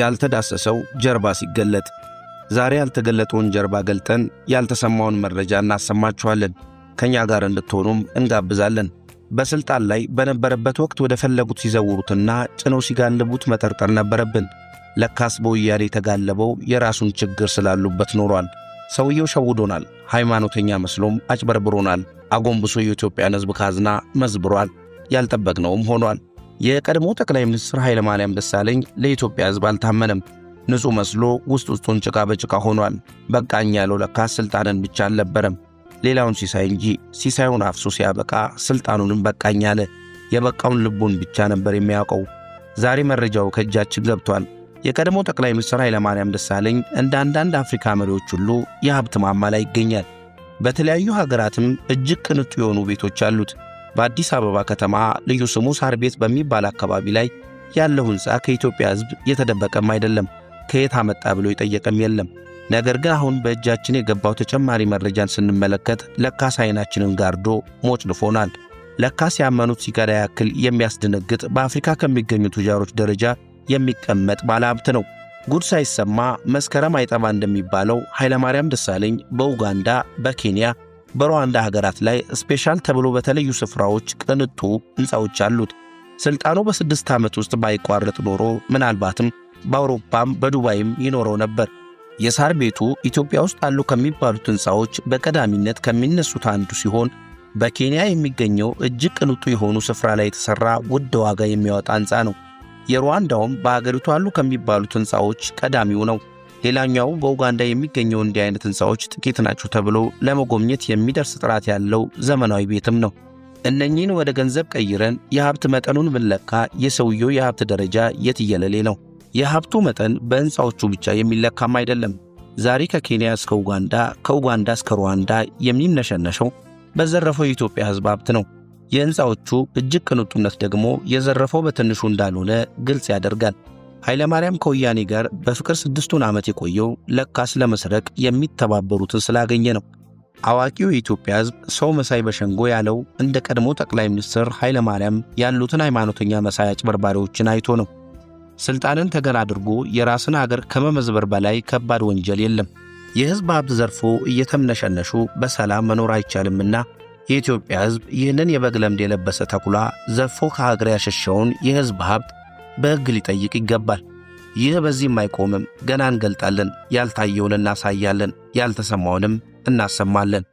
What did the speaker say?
ያልተዳሰሰው ጀርባ ሲገለጥ ዛሬ ያልተገለጠውን ጀርባ ገልጠን ያልተሰማውን መረጃ እናሰማችኋለን። ከእኛ ጋር እንድትሆኑም እንጋብዛለን። በሥልጣን ላይ በነበረበት ወቅት ወደ ፈለጉት ሲዘውሩትና ጭነው ሲጋልቡት መጠርጠር ነበረብን። ለካስ በወያኔ የተጋለበው የራሱን ችግር ስላሉበት ኖሯል። ሰውየው ሸውዶናል። ሃይማኖተኛ መስሎም አጭበርብሮናል። አጎንብሶ የኢትዮጵያን ሕዝብ ካዝና መዝብሯል። ያልጠበቅነውም ሆኗል። የቀድሞ ጠቅላይ ሚኒስትር ኃይለማርያም ደሳለኝ ለኢትዮጵያ ሕዝብ አልታመነም። ንጹሕ መስሎ ውስጥ ውስጡን ጭቃ በጭቃ ሆኗል። በቃኝ ያለው ለካ ስልጣንን ብቻ አልነበረም፣ ሌላውን ሲሳይ እንጂ። ሲሳዩን አፍሶ ሲያበቃ ስልጣኑንም በቃኝ አለ። የበቃውን ልቡን ብቻ ነበር የሚያውቀው። ዛሬ መረጃው ከእጃችን ገብቷል። የቀድሞ ጠቅላይ ሚኒስትር ኃይለማርያም ደሳለኝ እንደ አንዳንድ አፍሪካ መሪዎች ሁሉ የሀብት ማማ ላይ ይገኛል። በተለያዩ ሀገራትም እጅግ ቅንጡ የሆኑ ቤቶች አሉት። በአዲስ አበባ ከተማ ልዩ ስሙ ሳር ቤት በሚባል አካባቢ ላይ ያለው ሕንፃ ከኢትዮጵያ ሕዝብ የተደበቀም አይደለም። ከየት አመጣ ብሎ የጠየቀም የለም። ነገር ግን አሁን በእጃችን የገባው ተጨማሪ መረጃን ስንመለከት ለካስ አይናችንን ጋርዶ ሞጭልፎናል። ለካስ ያመኑት ሲጋራ ያክል የሚያስደነግጥ በአፍሪካ ከሚገኙ ቱጃሮች ደረጃ የሚቀመጥ ባለሀብት ነው። ጉድ ሳይሰማ መስከረም አይጠባ እንደሚባለው ኃይለማርያም ደሳለኝ በኡጋንዳ፣ በኬንያ በሩዋንዳ ሀገራት ላይ ስፔሻል ተብሎ በተለዩ ስፍራዎች ቅንጡ ሕንፃዎች አሉት። ሥልጣኑ በስድስት ዓመት ውስጥ ባይቋረጥ ኖሮ ምናልባትም በአውሮፓም በዱባይም ይኖረው ነበር። የሳር ቤቱ ኢትዮጵያ ውስጥ አሉ ከሚባሉት ሕንፃዎች በቀዳሚነት ከሚነሱት አንዱ ሲሆን በኬንያ የሚገኘው እጅግ ቅንጡ የሆኑ ስፍራ ላይ የተሠራ ውድ ዋጋ የሚያወጣ ሕንፃ ነው። የሩዋንዳውም በአገሪቱ አሉ ከሚባሉት ሕንፃዎች ቀዳሚው ነው። ሌላኛው በኡጋንዳ የሚገኘው እንዲህ አይነት ህንፃዎች ጥቂት ናቸው ተብሎ ለመጎብኘት የሚደርስ ጥራት ያለው ዘመናዊ ቤትም ነው። እነኚህን ወደ ገንዘብ ቀይረን የሀብት መጠኑን ብንለካ የሰውየው የሀብት ደረጃ የትየለሌ ነው። የሀብቱ መጠን በህንፃዎቹ ብቻ የሚለካም አይደለም። ዛሬ ከኬንያ እስከ ኡጋንዳ፣ ከኡጋንዳ እስከ ሩዋንዳ የሚነሸነሸው በዘረፈው የኢትዮጵያ ህዝብ ሀብት ነው። የህንፃዎቹ እጅግ ቅንጡነት ደግሞ የዘረፈው በትንሹ እንዳልሆነ ግልጽ ያደርጋል። ኃይለማርያም ከወያኔ ጋር በፍቅር ስድስቱን ዓመት የቆየው ለካስ ለመስረቅ የሚተባበሩትን ስላገኘ ነው። አዋቂው የኢትዮጵያ ሕዝብ ሰው መሳይ በሸንጎ ያለው እንደ ቀድሞ ጠቅላይ ሚኒስትር ኃይለማርያም ያሉትን ሃይማኖተኛ መሳይ አጭበርባሪዎችን አይቶ ነው። ሥልጣንን ተገን አድርጎ የራስን አገር ከመመዝበር በላይ ከባድ ወንጀል የለም። የሕዝብ ሀብት ዘርፎ እየተምነሸነሹ በሰላም መኖር አይቻልምና የኢትዮጵያ ሕዝብ ይህንን የበግ ለምድ የለበሰ ተኩላ ዘርፎ ከሀገር ያሸሸውን የሕዝብ ሀብት በሕግ ሊጠይቅ ይገባል። ይህ በዚህም አይቆምም። ገና እንገልጣለን፣ ያልታየውን እናሳያለን፣ ያልተሰማውንም እናሰማለን።